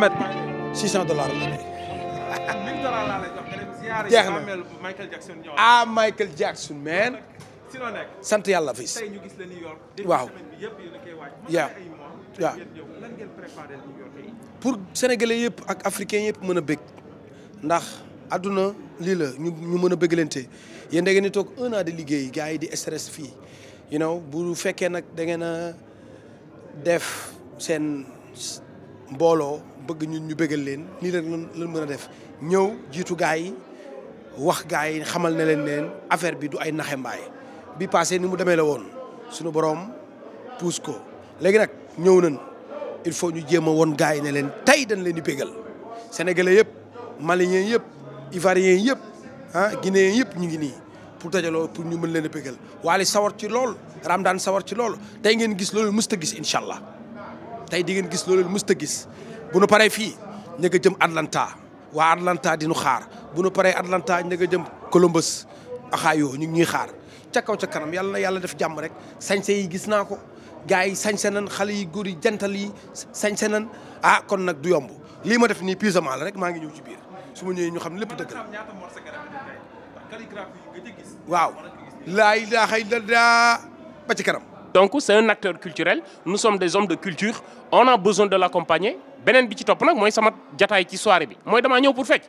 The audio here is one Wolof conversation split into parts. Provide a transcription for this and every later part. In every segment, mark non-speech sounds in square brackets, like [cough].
Ahmed 600 dollars la nekk. [laughs] Michael Jackson ñëwaat ah, sant yàlla fii. tey waaw yëpp yaa waaw lan ngeen ak africain yëpp mën a bëgg ndax àdduna lii la ñu ñu mën a bëggalante yéen da ngeen di toog un an de liggéey gars yi di stress fii you know bu fekkee nag da ngeen a def seen. mbooloo bëgg ñun ñu bëggal leen nii la lan mën a def ñëw jiitu gaa yi wax gaa yi xamal na leen leen affaire bi du ay naxembaay bi passé ni mu demee la woon suñu borom puus ko léegi nag ñëw nañ il faut ñu jéem a woon gaa yi ne leen tey dañ leen di bégal sénégalais yëpp maliens yëpp ivoiriens yëpp ah guinéens yëpp ñu ngi nii pour dajaloo pour ñu mën leen a bégal waale sawar ci lool daan sawar ci lool tey ngeen gis loolu mës ta gis incha allah tey di ngeen gis loolu mës ta gis bu nu paree fii ña nga jëm Atlanta waa Atlanta di xaar bu nu paree Atlanta ña nga jëm Columbus Ohio ñu ngi ñuy xaar ca kaw ca kanam yàlla na yàlla def jàmm rek sañse yi gis naa ko gaa yi sañse nan xale yi góor yi jantal yi sañse nan ah kon nag du yomb lii ma def nii puisamment la rek maa ngi ñëw ci biir su ma ñëwee ñu xam lépp dëgg la waaw laay daa xay da daa ba ci kanam donc c'est un acteur culturel nous sommes des hommes de culture on a besoin de l'accompagner beneen bi ci topp nag mooy sama jataay ci soirée bi mooy damaa ñëw pour fecc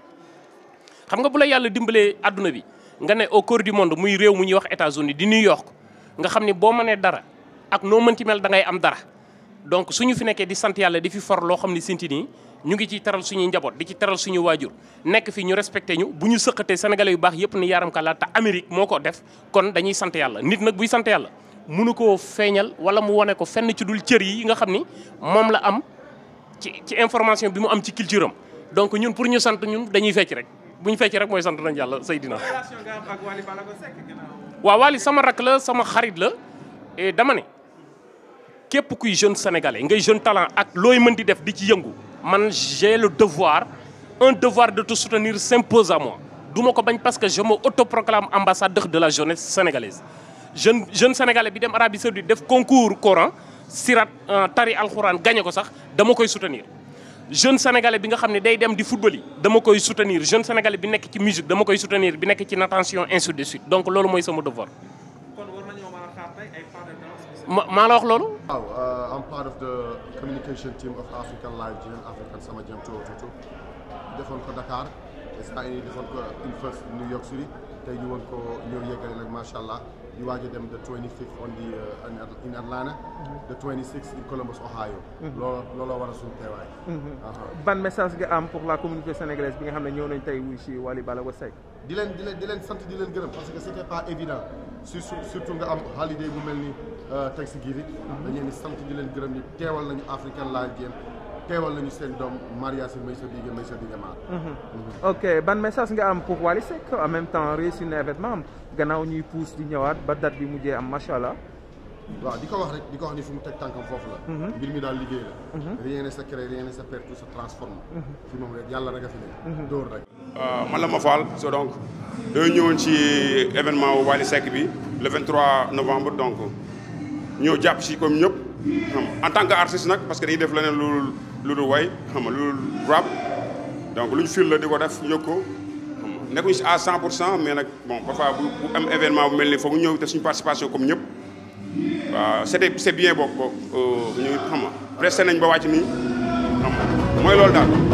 xam nga bu la yàlla dimbalee àdduna bi nga ne au cœur du monde muy réew mu ñuy wax États-Unis di New York nga xam ni boo mënee dara ak noo mënti mel da am dara donc su ñu fi nekkee di sant yàlla di fi for loo xam ne sinti nii ñu ngi ci teral suñuy njaboot di ci teral suñu waajur nekk fi ñu ñu bu ñu sëqatee sénégalais yu baax yëpp ni yaaram ka Amérique moo ko def kon dañuy sant yàlla nit nag buy sant yàlla mënu koo feeñal wala mu wane ko fenn ci dul cër yi nga xam ni moom la am ci ci information bi mu am ci culture am donc ñun pour ñu sant ñun dañuy fecc rek bu ñu fecc rek mooy sant nañ yàlla Seydina. waaw Wally sama rak la sama xarit la et dama ne képp kuy jeune sénégalais ngay jeune talent ak looy mën di def di ci yëngu man j'ai le devoir un devoir de te soutenir s'impose à moi du ma ko bañ parce que je me autoproclame ambassadeur de la jeunesse sénégalaise. jeune jeune sénégalais bi dem Arabie Saoudite def concours Coran sirat euh, tari alxuraan gagné ko sax dama koy soutenir. jeune sénégalais bi nga xam ne day dem di football yi dama koy soutenir jeune sénégalais bi nekk ci musique dama koy soutenir bi nekk ci natation ainsi de suite donc loolu mooy sama devoir. kon war ma maa la wax loolu. waaw euh, I'm part of the Sama Jam too too defoon ko Dakar. instant allah. di waaj dem the 26th on the uh, in Atlanta. Mm-hmm. the 26th in Columbus Ohio. Mm-hmm. looloo looloo war teewaay. Mm-hmm. Uh-huh. ban message nga am pour la communauté sénégalaise bi nga xam ne ñëw nañ tey wuy si Wally Ballago Seck. di leen di leen di leen sant di leen gërëm parce que c'était pas évident surtout nga am holiday bu mel ni uh, Thanksgiving dañu leen di sant di leen gërëm ni teewal nañu African Live Game. teewal nañu seen doom Maria si Maysa Bigué Maysa Bigué Mar. Mhm. ok ban message nga am pour Wally Seck en même temps réussir na événement am gannaaw ñuy pousse di ñëwaat ba date bi mujjee am macha allah. waaw di ko wax rek di ko wax ni fu mu teg tànkam foofu la. Mhm. mbir mi daal liggéey la. Mhm. rien n'est secret rien n'est secret tout transforme. fi moom rek yàlla rek a fi ne. dóor rek. Euh, man la ma faal so donc dañoo ñëwoon ci événement Wally Seck bi le 23 novembre donc lu dul way xam nga lu dul rap donc lu ñu fil la di ko def yëg ko nekkuñu si à 100 pour cent mais nag bon parfois bu événement bu mel ni foog ñëw te suñu participation comme ñëpp waaw c'était c'est bien bokk bokk euh, ñu xam nga pressé nañ ba wàcc nii mooy loolu daal.